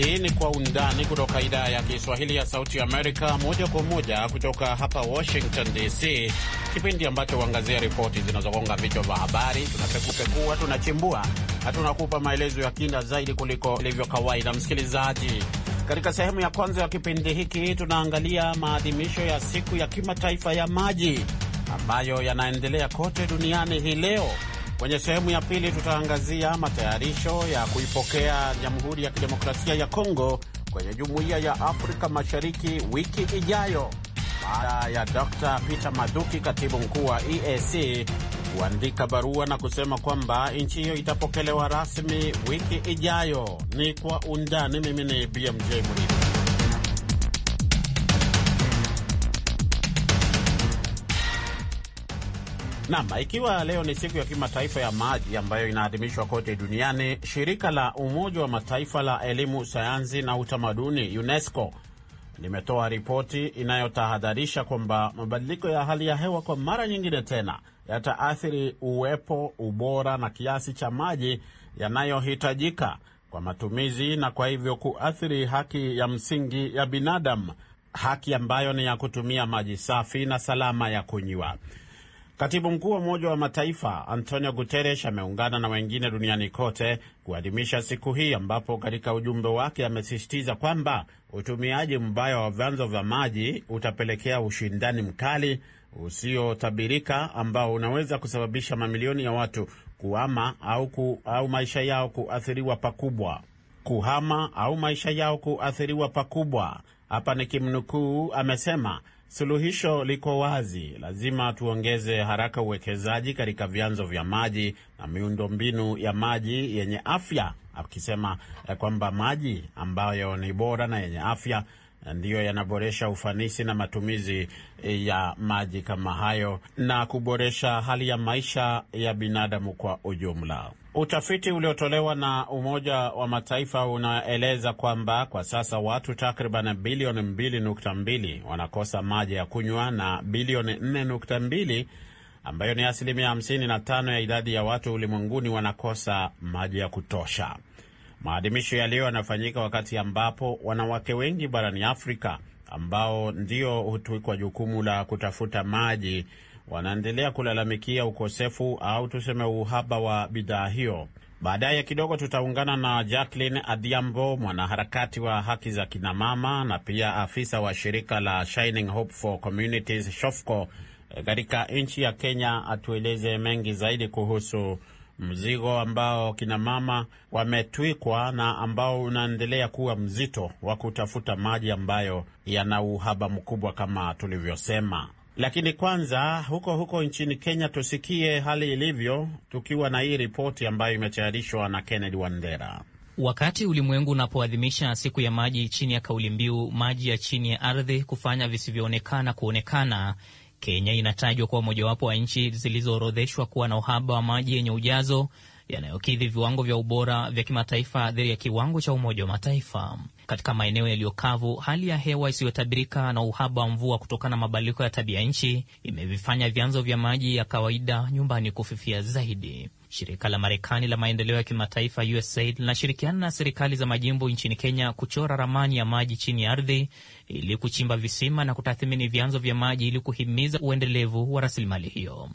Hii ni Kwa Undani kutoka idhaa ya Kiswahili ya Sauti Amerika, moja kwa moja kutoka hapa Washington DC, kipindi ambacho huangazia ripoti zinazogonga vichwa vya habari. Tunapekupekua, tunachimbua na tunakupa maelezo ya kina zaidi kuliko ilivyo kawaida. Msikilizaji, katika sehemu ya kwanza ya kipindi hiki tunaangalia maadhimisho ya siku ya kimataifa ya maji ambayo yanaendelea kote duniani hii leo Kwenye sehemu ya pili tutaangazia matayarisho ya kuipokea Jamhuri ya Kidemokrasia ya Kongo kwenye Jumuiya ya Afrika Mashariki wiki ijayo baada ya Dr. Peter maduki katibu mkuu wa EAC, kuandika barua na kusema kwamba nchi hiyo itapokelewa rasmi wiki ijayo. Ni kwa undani. Mimi ni BMJ Muridi. Nam, ikiwa leo ni siku ya kimataifa ya maji ambayo inaadhimishwa kote duniani, shirika la Umoja wa Mataifa la elimu, sayansi na utamaduni UNESCO limetoa ripoti inayotahadharisha kwamba mabadiliko ya hali ya hewa kwa mara nyingine tena yataathiri uwepo, ubora na kiasi cha maji yanayohitajika kwa matumizi na kwa hivyo kuathiri haki ya msingi ya binadamu, haki ambayo ni ya kutumia maji safi na salama ya kunywa. Katibu mkuu wa Umoja wa Mataifa Antonio Guterres ameungana na wengine duniani kote kuadhimisha siku hii, ambapo katika ujumbe wake amesisitiza kwamba utumiaji mbaya wa vyanzo vya maji utapelekea ushindani mkali usiotabirika ambao unaweza kusababisha mamilioni ya watu kuama au, ku, au maisha yao kuathiriwa pakubwa, kuhama au maisha yao kuathiriwa pakubwa. Hapa ni kimnukuu, amesema Suluhisho liko wazi: lazima tuongeze haraka uwekezaji katika vyanzo vya maji na miundombinu ya maji yenye afya, akisema eh, kwamba maji ambayo ni bora na yenye afya eh, ndiyo yanaboresha ufanisi na matumizi eh, ya maji kama hayo na kuboresha hali ya maisha ya binadamu kwa ujumla. Utafiti uliotolewa na Umoja wa Mataifa unaeleza kwamba kwa sasa watu takriban bilioni 2.2 wanakosa maji ya kunywa na bilioni 4.2 ambayo ni asilimia 55 ya idadi ya watu ulimwenguni wanakosa maji ya kutosha. Maadhimisho yaliyo yanafanyika wakati ambapo wanawake wengi barani Afrika ambao ndio hutuikwa jukumu la kutafuta maji wanaendelea kulalamikia ukosefu au tuseme uhaba wa bidhaa hiyo. Baadaye kidogo tutaungana na Jacqueline Adiambo, mwanaharakati wa haki za kinamama na pia afisa wa shirika la Shining Hope for Communities SHOFCO katika nchi ya Kenya, atueleze mengi zaidi kuhusu mzigo ambao kinamama wametwikwa na ambao unaendelea kuwa mzito wa kutafuta maji ambayo yana uhaba mkubwa kama tulivyosema. Lakini kwanza huko huko nchini Kenya tusikie hali ilivyo, tukiwa na hii ripoti ambayo imetayarishwa na Kennedy Wandera. Wakati ulimwengu unapoadhimisha siku ya maji chini ya kauli mbiu maji ya chini ya ardhi, kufanya visivyoonekana kuonekana, Kenya inatajwa kuwa mojawapo wa nchi zilizoorodheshwa kuwa na uhaba wa maji yenye ujazo yanayokidhi viwango vya ubora vya kimataifa dhidi ya kiwango cha Umoja wa Mataifa. Katika maeneo yaliyokavu, hali ya hewa isiyotabirika na uhaba wa mvua kutokana na mabadiliko ya tabia nchi imevifanya vyanzo vya maji ya kawaida nyumbani kufifia zaidi. Shirika la Marekani la maendeleo ya kimataifa USAID linashirikiana na serikali za majimbo nchini Kenya kuchora ramani ya maji chini ya ardhi ili kuchimba visima na kutathmini vyanzo vya maji ili kuhimiza uendelevu wa rasilimali hiyo.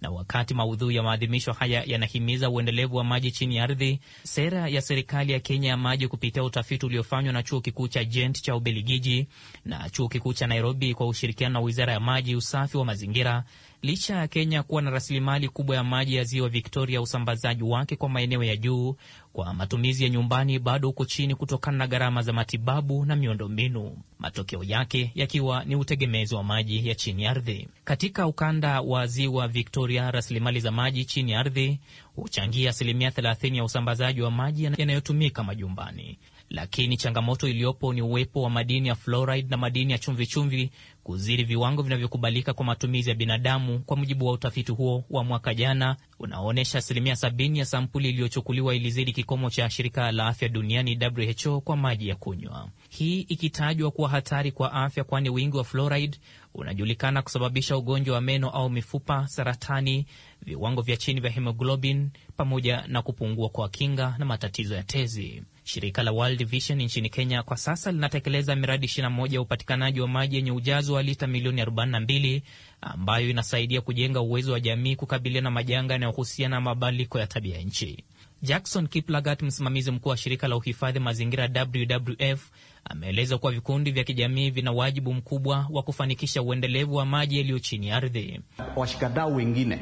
Na wakati maudhui ya maadhimisho haya yanahimiza uendelevu wa maji chini ya ardhi, sera ya serikali ya Kenya ya maji kupitia utafiti uliofanywa na chuo kikuu cha Jent cha Ubeligiji na chuo kikuu cha Nairobi kwa ushirikiano na wizara ya maji, usafi wa mazingira Licha ya Kenya kuwa na rasilimali kubwa ya maji ya ziwa Victoria, usambazaji wake kwa maeneo ya juu kwa matumizi ya nyumbani bado uko chini kutokana na gharama za matibabu na miundombinu, matokeo yake yakiwa ni utegemezi wa maji ya chini ardhi. Katika ukanda wa ziwa Victoria, rasilimali za maji chini ardhi huchangia asilimia 30 ya usambazaji wa maji yanayotumika majumbani lakini changamoto iliyopo ni uwepo wa madini ya fluoride na madini ya chumvichumvi kuzidi viwango vinavyokubalika kwa matumizi ya binadamu, kwa mujibu wa utafiti huo wa mwaka jana unaoonyesha asilimia sabini ya sampuli iliyochukuliwa ilizidi kikomo cha shirika la afya duniani WHO kwa maji ya kunywa, hii ikitajwa kuwa hatari kwa afya, kwani wingi wa fluoride unajulikana kusababisha ugonjwa wa meno au mifupa, saratani, viwango vya chini vya hemoglobin, pamoja na kupungua kwa kinga na matatizo ya tezi. Shirika la World Vision nchini Kenya kwa sasa linatekeleza miradi 21 ya upatikanaji wa maji yenye ujazo wa lita milioni 42 ambayo inasaidia kujenga uwezo wa jamii kukabiliana na majanga yanayohusiana na mabadiliko ya tabia nchi. Jackson Kiplagat, msimamizi mkuu wa shirika la uhifadhi mazingira WWF, ameeleza kuwa vikundi vya kijamii vina wajibu mkubwa wa kufanikisha uendelevu wa maji yaliyo chini ya ardhi. Washikadau wengine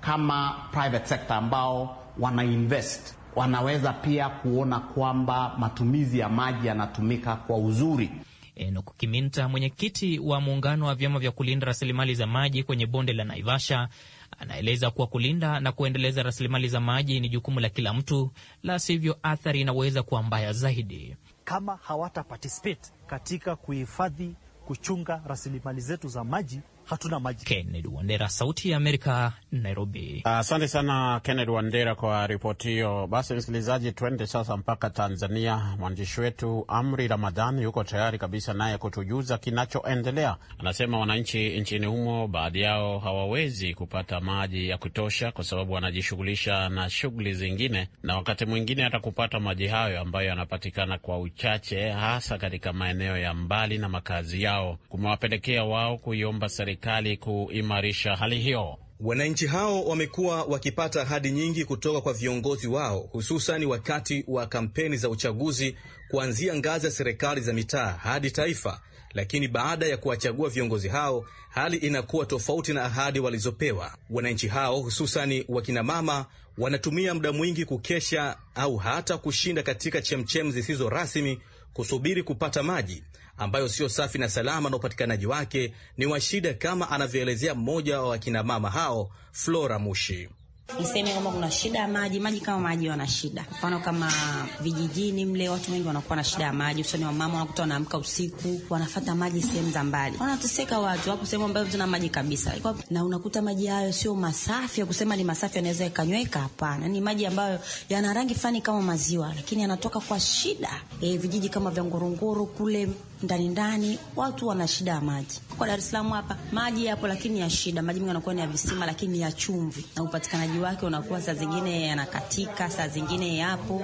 kama private sector ambao wanainvest wanaweza pia kuona kwamba matumizi ya maji yanatumika kwa uzuri. Enok Kiminta, mwenyekiti wa muungano wa vyama vya kulinda rasilimali za maji kwenye bonde la Naivasha, anaeleza kuwa kulinda na kuendeleza rasilimali za maji ni jukumu la kila mtu, la sivyo athari inaweza kuwa mbaya zaidi. Kama hawata participate katika kuhifadhi, kuchunga rasilimali zetu za maji hatuna maji. Kennedy Wandera, Sauti ya Amerika, Nairobi. Asante uh, sana Kennedy Wandera kwa ripoti hiyo. Basi msikilizaji, twende sasa mpaka Tanzania. Mwandishi wetu Amri Ramadhani yuko tayari kabisa naye kutujuza kinachoendelea. Anasema wananchi nchini humo baadhi yao hawawezi kupata maji ya kutosha kwa sababu wanajishughulisha na shughuli zingine, na wakati mwingine hata kupata maji hayo ambayo yanapatikana kwa uchache, hasa katika maeneo ya mbali na makazi yao, kumewapelekea wao kuiomba serikali serikali kuimarisha hali hiyo. Wananchi hao wamekuwa wakipata ahadi nyingi kutoka kwa viongozi wao, hususan wakati wa kampeni za uchaguzi, kuanzia ngazi ya serikali za mitaa hadi taifa. Lakini baada ya kuwachagua viongozi hao, hali inakuwa tofauti na ahadi walizopewa. Wananchi hao hususani wakinamama wanatumia muda mwingi kukesha au hata kushinda katika chemchem zisizo rasmi kusubiri kupata maji, ambayo sio safi na salama na upatikanaji wake ni wa shida, kama anavyoelezea mmoja wa wakinamama hao, Flora Mushi. Niseme kwamba kuna shida ya maji. Maji kama maji wana shida, mfano kama vijijini mle, watu wengi wanakuwa na shida ya maji, usoni wa mama wanakuta wanaamka usiku, wanafata maji sehemu za mbali, wanateseka watu. Wapo sehemu ambayo tuna maji kabisa, na unakuta maji hayo sio masafi. Ya kusema ni masafi, yanaweza yakanyweka, hapana. Ni maji ambayo yana rangi fani kama maziwa, lakini yanatoka kwa shida. E, vijiji kama vya Ngorongoro kule ndani ndani, watu wana shida ya maji. Kwa Dar es Salaam hapa maji yapo, lakini ya shida. Maji mengi yanakuwa ni ya visima, lakini ni ya chumvi, na upatikanaji wake unakuwa saa zingine yanakatika, saa zingine yapo.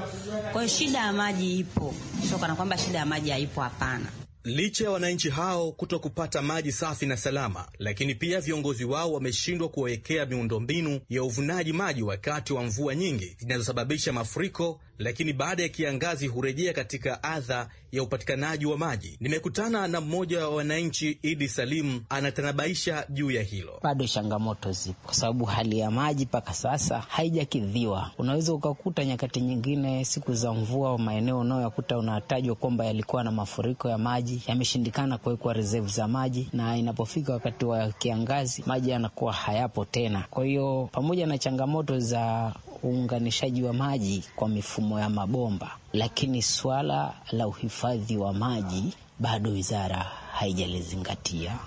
Kwa hiyo shida ya maji ipo, sio kana kwamba shida ya maji haipo, hapana. Licha ya wananchi hao kuto kupata maji safi na salama, lakini pia viongozi wao wameshindwa kuwawekea miundombinu ya uvunaji maji wakati wa mvua nyingi zinazosababisha mafuriko lakini baada ya kiangazi hurejea katika adha ya upatikanaji wa maji. Nimekutana na mmoja wa wananchi Idi Salim, anatanabaisha juu ya hilo. Bado changamoto zipo, kwa sababu hali ya maji mpaka sasa haijakidhiwa. Unaweza ukakuta nyakati nyingine, siku za mvua, maeneo unayoyakuta unatajwa kwamba yalikuwa na mafuriko ya maji, yameshindikana kuwekwa reserve za maji, na inapofika wakati wa kiangazi maji yanakuwa hayapo tena. Kwa hiyo pamoja na changamoto za uunganishaji wa maji kwa mifumo ya mabomba, lakini swala la uhifadhi wa maji bado wizara haijalizingatia.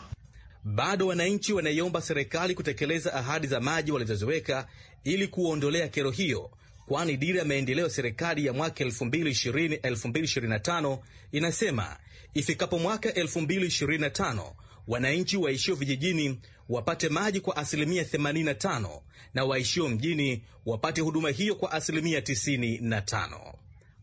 Bado wananchi wanaiomba serikali kutekeleza ahadi za maji walizoziweka ili kuondolea kero hiyo, kwani dira ya maendeleo ya serikali ya mwaka 2020-2025 inasema ifikapo mwaka 2025 wananchi waishio vijijini wapate maji kwa asilimia 85 na waishio mjini wapate huduma hiyo kwa asilimia 95.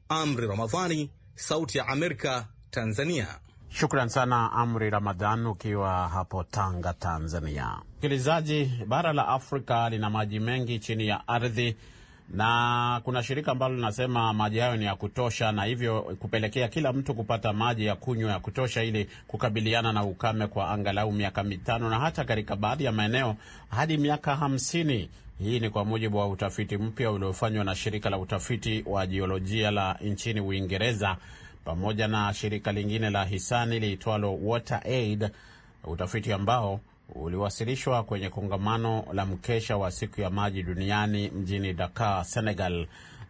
Amri Ramadhani, Sauti ya Amerika, Tanzania. Shukran sana Amri Ramadhan, ukiwa hapo Tanga, Tanzania. Msikilizaji, bara la Afrika lina maji mengi chini ya ardhi na kuna shirika ambalo linasema maji hayo ni ya kutosha, na hivyo kupelekea kila mtu kupata maji ya kunywa ya kutosha ili kukabiliana na ukame kwa angalau miaka mitano na hata katika baadhi ya maeneo hadi miaka hamsini. Hii ni kwa mujibu wa utafiti mpya uliofanywa na shirika la utafiti wa jiolojia la nchini Uingereza pamoja na shirika lingine la hisani liitwalo WaterAid, utafiti ambao uliwasilishwa kwenye kongamano la mkesha wa siku ya maji duniani mjini Dakar, Senegal.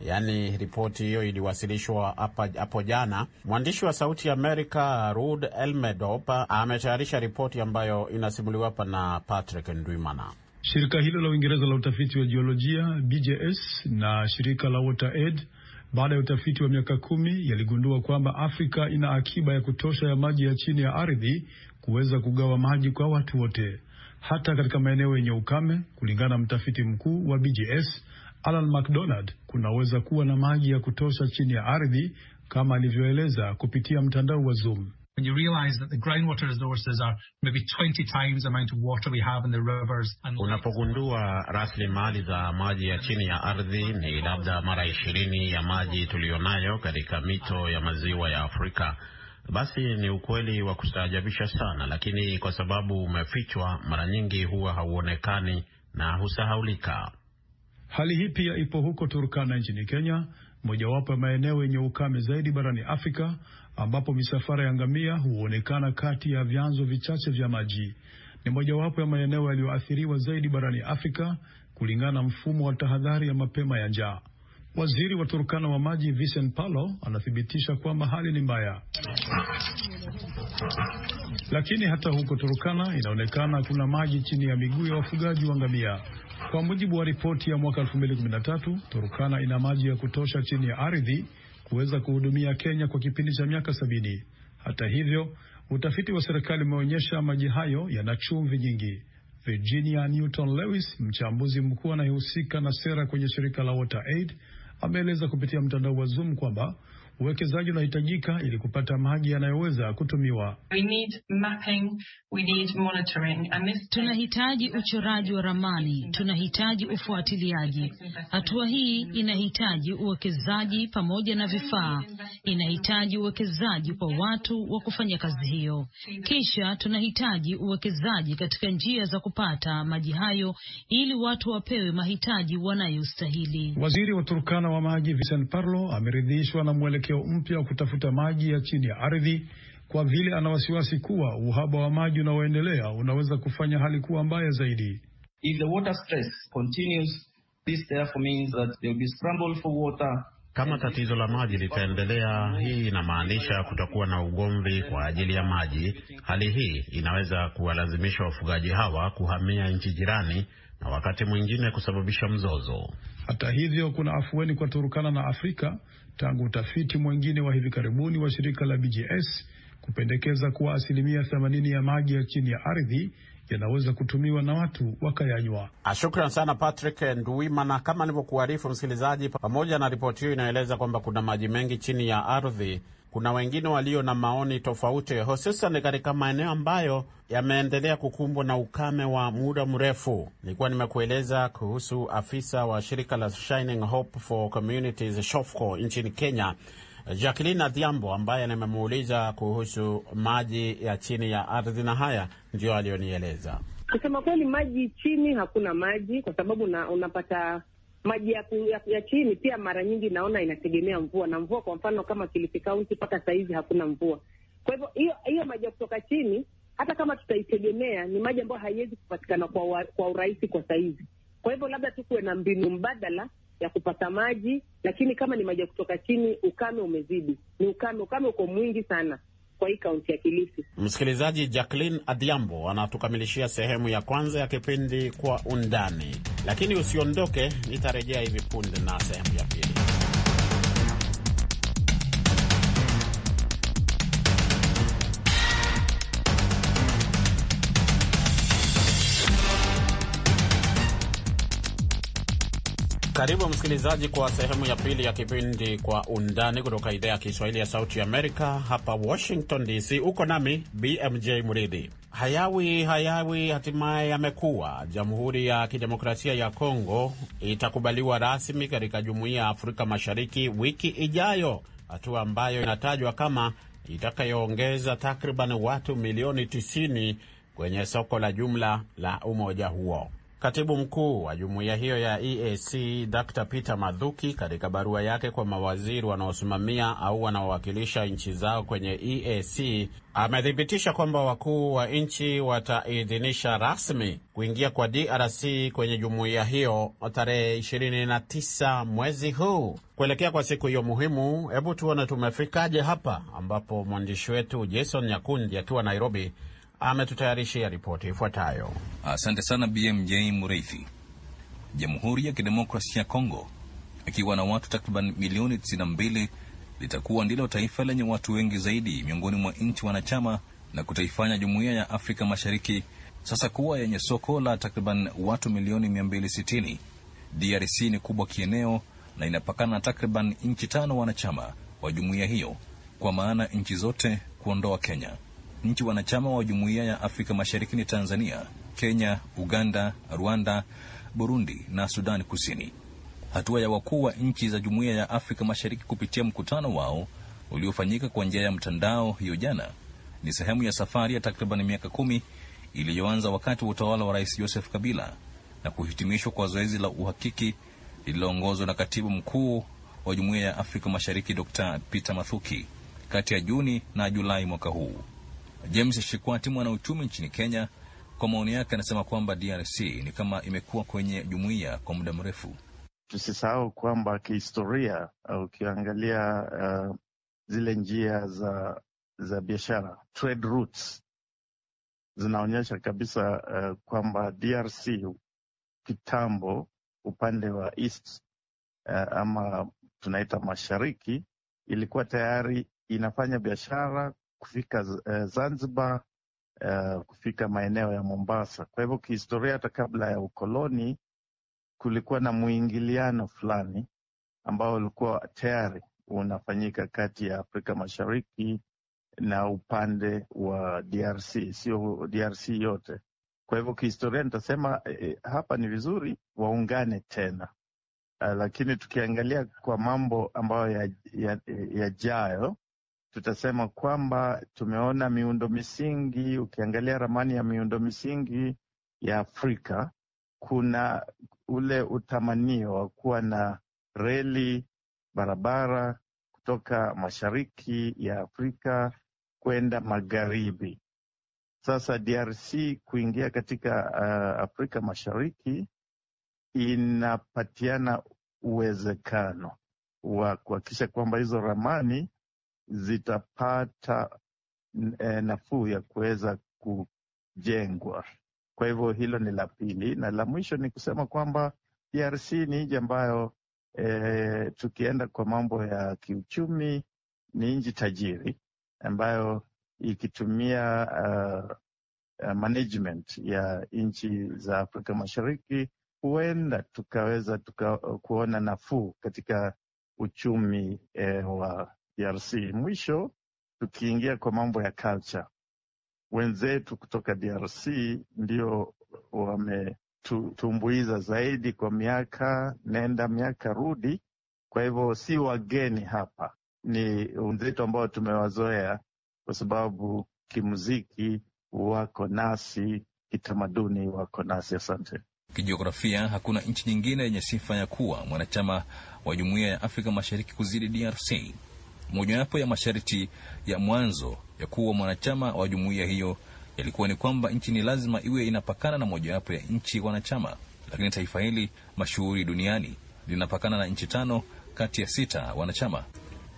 Yaani, ripoti hiyo iliwasilishwa hapo jana. Mwandishi wa Sauti ya Amerika Rud Elmedop ametayarisha ripoti ambayo inasimuliwa hapa na Patrick Ndwimana. Shirika hilo la Uingereza la utafiti wa jiolojia BJS na shirika la WaterAid baada ya utafiti wa miaka kumi yaligundua kwamba Afrika ina akiba ya kutosha ya maji ya chini ya ardhi kuweza kugawa maji kwa watu wote, hata katika maeneo yenye ukame. Kulingana na mtafiti mkuu wa BGS Alan McDonald, kunaweza kuwa na maji ya kutosha chini ya ardhi kama alivyoeleza kupitia mtandao wa Zoom. When you realize that the groundwater resources are maybe 20 times the amount of water we have in the rivers and... Unapogundua rasilimali za maji ya chini ya ardhi ni labda mara ishirini ya maji tuliyonayo katika mito ya maziwa ya Afrika basi ni ukweli wa kustaajabisha sana, lakini kwa sababu umefichwa, mara nyingi huwa hauonekani na husahaulika. Hali hii pia ipo huko Turkana nchini Kenya, mojawapo ya maeneo yenye ukame zaidi barani Afrika, ambapo misafara ya ngamia huonekana kati ya vyanzo vichache vya maji. Ni mojawapo ya maeneo yaliyoathiriwa zaidi barani Afrika kulingana na mfumo wa tahadhari ya mapema ya njaa. Waziri wa Turkana wa maji Vincent Palo anathibitisha kwamba hali ni mbaya, lakini hata huko Turkana inaonekana kuna maji chini ya miguu ya wafugaji wa ngamia. Kwa mujibu wa ripoti ya mwaka 2013, Turkana ina maji ya kutosha chini ya ardhi kuweza kuhudumia Kenya kwa kipindi cha miaka sabini. Hata hivyo, utafiti wa serikali umeonyesha maji hayo yana chumvi nyingi. Virginia Newton Lewis, mchambuzi mkuu anayehusika na sera kwenye shirika la WaterAid ameeleza kupitia mtandao wa Zoom kwamba Uwekezaji unahitajika ili kupata maji yanayoweza kutumiwa. Tunahitaji uchoraji wa ramani, tunahitaji ufuatiliaji. Hatua hii inahitaji uwekezaji pamoja na vifaa, inahitaji uwekezaji kwa watu wa kufanya kazi hiyo. Kisha tunahitaji uwekezaji katika njia za kupata maji hayo, ili watu wapewe mahitaji wanayostahili. Waziri wa Turkana wa maji Vincent Parlo ameridhishwa na mwelekeo mwelekeo mpya wa kutafuta maji ya chini ya ardhi kwa vile ana wasiwasi kuwa uhaba wa maji unaoendelea unaweza kufanya hali kuwa mbaya zaidi. If the water stress continues, this therefore means that there will be scramble for water. Kama tatizo la maji litaendelea, hii inamaanisha kutakuwa na ugomvi kwa ajili ya maji. Hali hii inaweza kuwalazimisha wafugaji hawa kuhamia nchi jirani na wakati mwingine kusababisha mzozo. Hata hivyo, kuna afueni kwa Turukana na Afrika tangu utafiti mwingine wa hivi karibuni wa shirika la BGS kupendekeza kuwa asilimia 80 ya maji ya chini ya ardhi yanaweza kutumiwa na watu wakayanywa. Ah, shukran sana Patrick nduimana Kama nilivyokuarifu msikilizaji, pamoja na ripoti hiyo inayoeleza kwamba kuna maji mengi chini ya ardhi kuna wengine walio na maoni tofauti, hususan katika maeneo ambayo yameendelea kukumbwa na ukame wa muda mrefu. Nilikuwa nimekueleza kuhusu afisa wa shirika la Shining Hope for Communities SHOFCO nchini Kenya, Jacqueline Adhiambo, ambaye nimemuuliza kuhusu maji ya chini ya ardhi, na haya ndiyo aliyonieleza. Kusema kweli, maji chini, hakuna maji kwa sababu unapata maji ya, ya, ya chini pia mara nyingi naona inategemea mvua na mvua. Kwa mfano kama Kilifi Kaunti mpaka sahizi hakuna mvua, kwa hivyo hiyo hiyo maji ya kutoka chini hata kama tutaitegemea ni maji ambayo haiwezi kupatikana kwa, kwa urahisi kwa sahizi. Kwa hivyo labda tukuwe na mbinu mbadala ya kupata maji, lakini kama ni maji ya kutoka chini, ukame umezidi, ni ukame, ukame uko mwingi sana kwa hii kaunti ya Kilifi. Msikilizaji, Jacqueline Adhiambo anatukamilishia sehemu ya kwanza ya kipindi Kwa Undani, lakini usiondoke, nitarejea hivi punde na sehemu ya Karibu msikilizaji, kwa sehemu ya pili ya kipindi Kwa Undani kutoka idhaa ya Kiswahili ya Sauti Amerika, hapa Washington DC. Uko nami BMJ Mridhi. Hayawi hayawi hatimaye yamekuwa. Jamhuri ya Kidemokrasia ya Kongo itakubaliwa rasmi katika Jumuiya ya Afrika Mashariki wiki ijayo, hatua ambayo inatajwa kama itakayoongeza takriban watu milioni 90 kwenye soko la jumla la umoja huo. Katibu mkuu wa jumuiya hiyo ya EAC Dr Peter madhuki katika barua yake kwa mawaziri wanaosimamia au wanaowakilisha nchi zao kwenye EAC, amethibitisha kwamba wakuu wa nchi wataidhinisha rasmi kuingia kwa DRC kwenye jumuiya hiyo tarehe 29 mwezi huu. Kuelekea kwa siku hiyo muhimu, hebu tuone tumefikaje hapa, ambapo mwandishi wetu Jason Nyakundi akiwa Nairobi ametutayarishia ripoti ifuatayo. Asante sana BMJ Mureithi. Jamhuri ya Kidemokrasia ya Kongo ikiwa na watu takriban milioni 92 litakuwa ndilo taifa lenye watu wengi zaidi miongoni mwa nchi wanachama na kutaifanya Jumuiya ya Afrika Mashariki sasa kuwa yenye soko la takriban watu milioni 260. DRC ni kubwa kieneo na inapakana na takriban nchi tano wanachama wa jumuiya hiyo, kwa maana nchi zote kuondoa Kenya. Nchi wanachama wa Jumuiya ya Afrika Mashariki ni Tanzania, Kenya, Uganda, Rwanda, Burundi na Sudan Kusini. Hatua ya wakuu wa nchi za Jumuiya ya Afrika Mashariki kupitia mkutano wao uliofanyika kwa njia ya mtandao hiyo jana ni sehemu ya safari ya takriban miaka kumi iliyoanza wakati wa utawala wa Rais Joseph Kabila na kuhitimishwa kwa zoezi la uhakiki lililoongozwa na katibu mkuu wa Jumuiya ya Afrika Mashariki Dr. Peter Mathuki kati ya Juni na Julai mwaka huu. James Shikwati, mwanauchumi nchini Kenya, kwa maoni yake anasema kwamba DRC ni kama imekuwa kwenye jumuiya kwa muda mrefu. Tusisahau kwamba kihistoria, uh, ukiangalia uh, zile njia za za biashara trade routes zinaonyesha kabisa uh, kwamba DRC kitambo upande wa east uh, ama tunaita mashariki ilikuwa tayari inafanya biashara kufika eh, Zanzibar, eh, kufika maeneo ya Mombasa. Kwa hivyo kihistoria, hata kabla ya ukoloni kulikuwa na mwingiliano fulani ambao ulikuwa tayari unafanyika kati ya Afrika Mashariki na upande wa DRC, sio DRC yote. Kwa hivyo kihistoria nitasema eh, eh hapa ni vizuri waungane tena. Uh, lakini tukiangalia kwa mambo ambayo yajayo ya, ya tutasema kwamba tumeona miundo misingi. Ukiangalia ramani ya miundo misingi ya Afrika, kuna ule utamanio wa kuwa na reli, barabara kutoka mashariki ya Afrika kwenda magharibi. Sasa DRC kuingia katika uh, Afrika Mashariki inapatiana uwezekano wa kuhakikisha kwamba hizo ramani zitapata e, nafuu ya kuweza kujengwa. Kwa hivyo hilo ni la pili, na la mwisho ni kusema kwamba DRC ni nchi ambayo e, tukienda kwa mambo ya kiuchumi ni nchi tajiri ambayo ikitumia uh, management ya nchi za Afrika Mashariki huenda tukaweza tuka, kuona nafuu katika uchumi eh, wa DRC. Mwisho, tukiingia kwa mambo ya culture, wenzetu kutoka DRC ndio wametumbuiza zaidi kwa miaka nenda miaka rudi. Kwa hivyo si wageni hapa, ni wenzetu ambao tumewazoea kwa sababu kimuziki wako nasi, kitamaduni wako nasi. Asante. Kijiografia, hakuna nchi nyingine yenye sifa ya kuwa mwanachama wa jumuiya ya Afrika Mashariki kuzidi DRC. Mojawapo ya masharti ya mwanzo ya kuwa mwanachama wa jumuiya hiyo yalikuwa ni kwamba nchi ni lazima iwe inapakana na mojawapo ya nchi wanachama, lakini taifa hili mashuhuri duniani linapakana na nchi tano kati ya sita wanachama.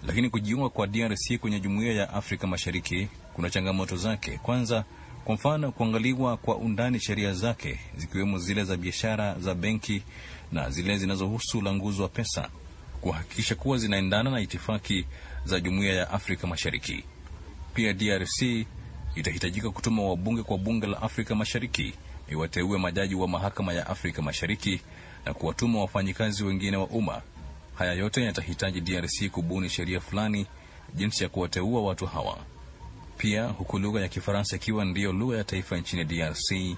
Lakini kujiunga kwa DRC kwenye jumuiya ya Afrika Mashariki kuna changamoto zake. Kwanza, kwa mfano, kuangaliwa kwa undani sheria zake zikiwemo zile za biashara za benki na zile zinazohusu ulanguzi wa pesa, kuhakikisha kuwa zinaendana na itifaki za Jumuiya ya Afrika Mashariki. Pia DRC itahitajika kutuma wabunge kwa bunge la Afrika Mashariki iwateue majaji wa mahakama ya Afrika Mashariki na kuwatuma wafanyikazi wengine wa umma. Haya yote yatahitaji DRC kubuni sheria fulani jinsi ya kuwateua watu hawa. Pia huku lugha ya Kifaransa ikiwa ndiyo lugha ya taifa nchini DRC,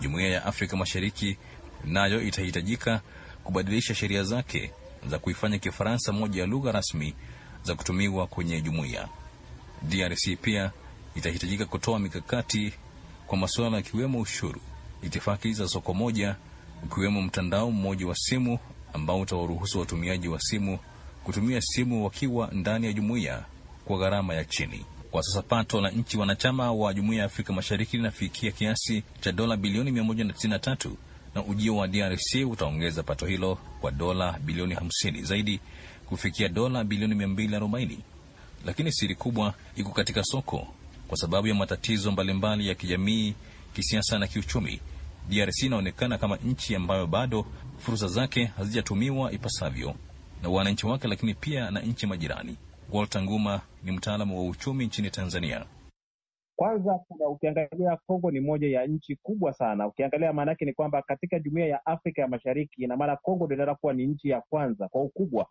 Jumuiya ya Afrika Mashariki nayo itahitajika kubadilisha sheria zake za kuifanya Kifaransa moja ya lugha rasmi za kutumiwa kwenye jumuiya. DRC pia itahitajika kutoa mikakati kwa masuala yakiwemo ushuru, itifaki za soko moja, ukiwemo mtandao mmoja wa simu ambao utawaruhusu watumiaji wa simu kutumia simu wakiwa ndani ya jumuiya kwa gharama ya chini. Kwa sasa pato la nchi wanachama wa jumuiya ya Afrika Mashariki linafikia kiasi cha dola bilioni 193 na ujio wa DRC utaongeza pato hilo kwa dola bilioni 50 zaidi kufikia dola bilioni 240, lakini siri kubwa iko katika soko. Kwa sababu ya matatizo mbalimbali ya kijamii, kisiasa na kiuchumi, DRC inaonekana kama nchi ambayo bado fursa zake hazijatumiwa ipasavyo na wananchi wake, lakini pia na nchi majirani. Walter Nguma ni mtaalamu wa uchumi nchini Tanzania. Kwanza kuna ukiangalia Kongo ni moja ya nchi kubwa sana. Ukiangalia maana yake ni kwamba katika jumuiya ya Afrika ya Mashariki, ina maana Kongo ndio inaenda kuwa ni nchi ya kwanza kwa ukubwa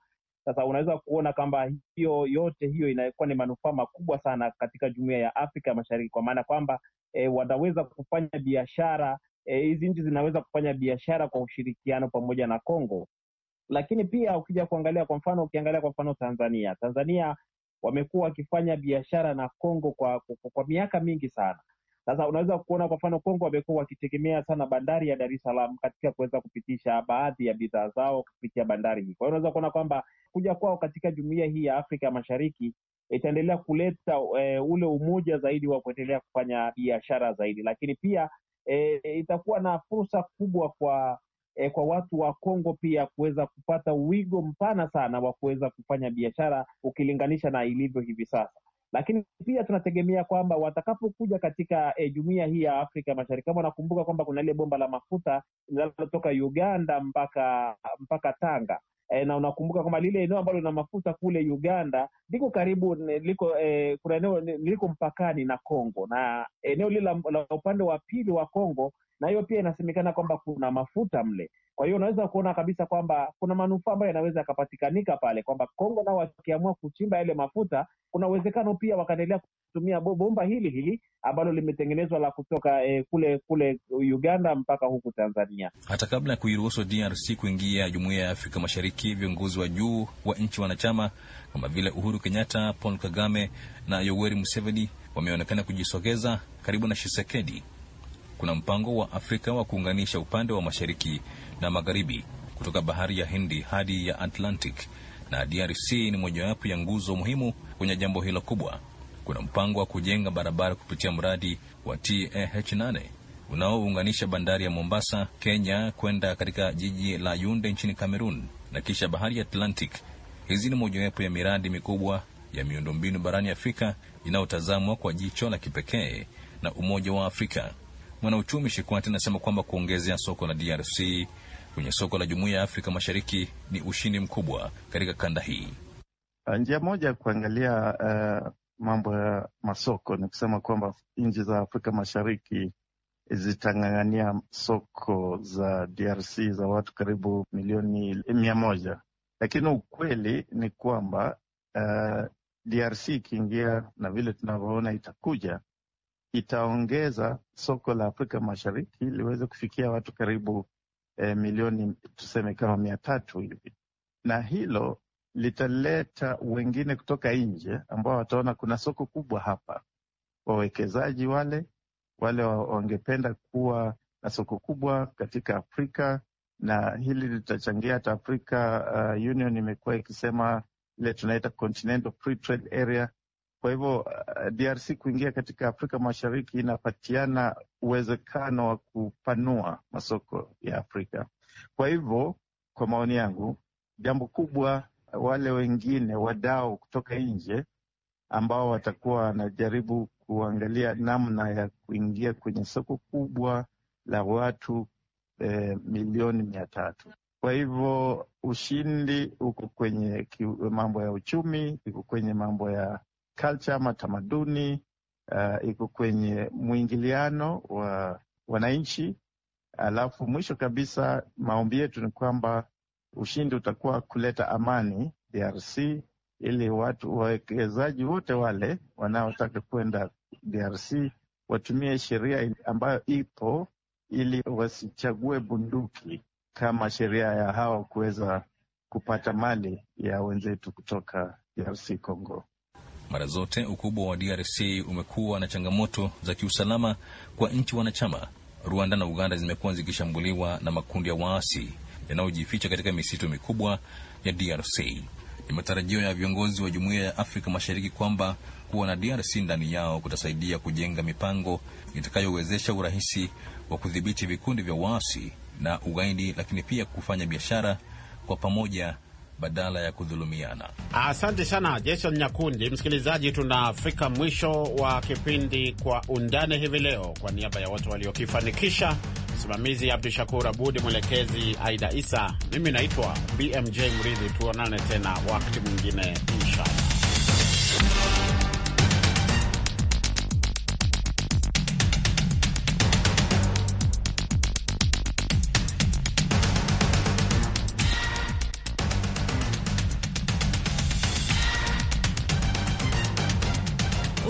sasa unaweza kuona kwamba hiyo yote hiyo inakuwa ni manufaa makubwa sana katika jumuiya ya Afrika Mashariki, kwa maana kwamba e, wataweza kufanya biashara eh, hizi e, nchi zinaweza kufanya biashara kwa ushirikiano pamoja na Kongo. Lakini pia ukija kuangalia kwa mfano, ukiangalia kwa mfano Tanzania, Tanzania wamekuwa wakifanya biashara na Kongo kwa, kwa, kwa miaka mingi sana sasa unaweza kuona kwa mfano Kongo wamekuwa wakitegemea sana bandari ya Dar es Salaam katika kuweza kupitisha baadhi ya bidhaa zao kupitia bandari hii. Kwa hiyo unaweza kuona kwamba kuja kwao katika jumuiya hii ya Afrika Mashariki itaendelea kuleta e, ule umoja zaidi wa kuendelea kufanya biashara zaidi, lakini pia e, itakuwa na fursa kubwa kwa e, kwa watu wa Kongo pia kuweza kupata wigo mpana sana wa kuweza kufanya biashara ukilinganisha na ilivyo hivi sasa lakini pia tunategemea kwamba watakapokuja katika e, jumuia hii ya Afrika Mashariki, kama wanakumbuka kwamba kuna ile bomba la mafuta linalotoka Uganda mpaka mpaka Tanga e, na unakumbuka kwamba lile eneo ambalo lina mafuta kule Uganda liko karibu liko e, kuna eneo liko mpakani na congo na eneo lile la upande wa pili wa congo na hiyo pia inasemekana kwamba kuna mafuta mle kwa hiyo unaweza kuona kabisa kwamba kuna manufaa ambayo yanaweza yakapatikanika pale, kwamba Kongo nao wakiamua kuchimba yale mafuta, kuna uwezekano pia wakaendelea kutumia bomba hili hili ambalo limetengenezwa la kutoka eh, kule kule Uganda mpaka huku Tanzania. Hata kabla ya kuiruhusu DRC kuingia jumuiya ya Afrika Mashariki, viongozi wa juu wa nchi wanachama kama vile Uhuru Kenyatta, Paul Kagame na Yoweri Museveni wameonekana kujisogeza karibu na shisekedi Kuna mpango wa Afrika wa kuunganisha upande wa mashariki na magharibi kutoka bahari ya Hindi hadi ya Atlantic, na DRC ni mojawapo ya nguzo muhimu kwenye jambo hilo kubwa. Kuna mpango wa kujenga barabara kupitia mradi wa TAH8 unaounganisha bandari ya Mombasa, Kenya, kwenda katika jiji la yunde nchini Cameroon na kisha bahari ya Atlantic. Hizi ni mojawapo ya miradi mikubwa ya miundombinu barani Afrika inayotazamwa kwa jicho la kipekee na Umoja wa Afrika. Mwanauchumi shikwati anasema kwamba kuongezea soko la DRC kwenye soko la Jumuiya ya Afrika Mashariki ni ushindi mkubwa katika kanda hii. Ah, njia moja ya kuangalia uh, mambo ya masoko ni kusema kwamba nchi za Afrika Mashariki zitang'ang'ania soko za DRC za watu karibu milioni mia moja, lakini ukweli ni kwamba uh, eh, DRC ikiingia na vile tunavyoona itakuja itaongeza soko la Afrika Mashariki liweze kufikia watu karibu e, milioni tuseme kama mia tatu hivi, na hilo litaleta wengine kutoka nje ambao wataona kuna soko kubwa hapa. Wawekezaji wale wale wangependa kuwa na soko kubwa katika Afrika, na hili litachangia hata Afrika uh, Union imekuwa ikisema ile tunaita Continental Free Trade Area kwa hivyo eh, DRC kuingia katika Afrika Mashariki inapatiana uwezekano wa kupanua masoko ya Afrika. Kwa hivyo, kwa maoni yangu, jambo kubwa, wale wengine wadau kutoka nje ambao watakuwa wanajaribu kuangalia namna ya kuingia kwenye soko kubwa la watu eh, milioni mia tatu. Kwa hivyo ushindi uko kwenye mambo ya uchumi, uko kwenye mambo ya culture ama tamaduni uh, iko kwenye mwingiliano wa wananchi. Alafu mwisho kabisa, maombi yetu ni kwamba ushindi utakuwa kuleta amani DRC, ili watu wawekezaji wote wale wanaotaka kwenda DRC watumie sheria ambayo ipo, ili wasichague bunduki kama sheria ya hao kuweza kupata mali ya wenzetu kutoka DRC Congo. Mara zote ukubwa wa DRC umekuwa na changamoto za kiusalama kwa nchi wanachama. Rwanda na Uganda zimekuwa zikishambuliwa na makundi ya waasi yanayojificha katika misitu mikubwa ya DRC. Ni matarajio ya viongozi wa Jumuiya ya Afrika Mashariki kwamba kuwa na DRC ndani yao kutasaidia kujenga mipango itakayowezesha urahisi wa kudhibiti vikundi vya waasi na ugaidi, lakini pia kufanya biashara kwa pamoja badala ya kudhulumiana. Asante sana Jason Nyakundi. Msikilizaji, tunafika mwisho wa kipindi Kwa Undani hivi leo. Kwa niaba ya wote waliokifanikisha, msimamizi Abdu Shakur Abudi, mwelekezi Aida Isa, mimi naitwa BMJ Mridhi. Tuonane tena wakati mwingine, inshallah.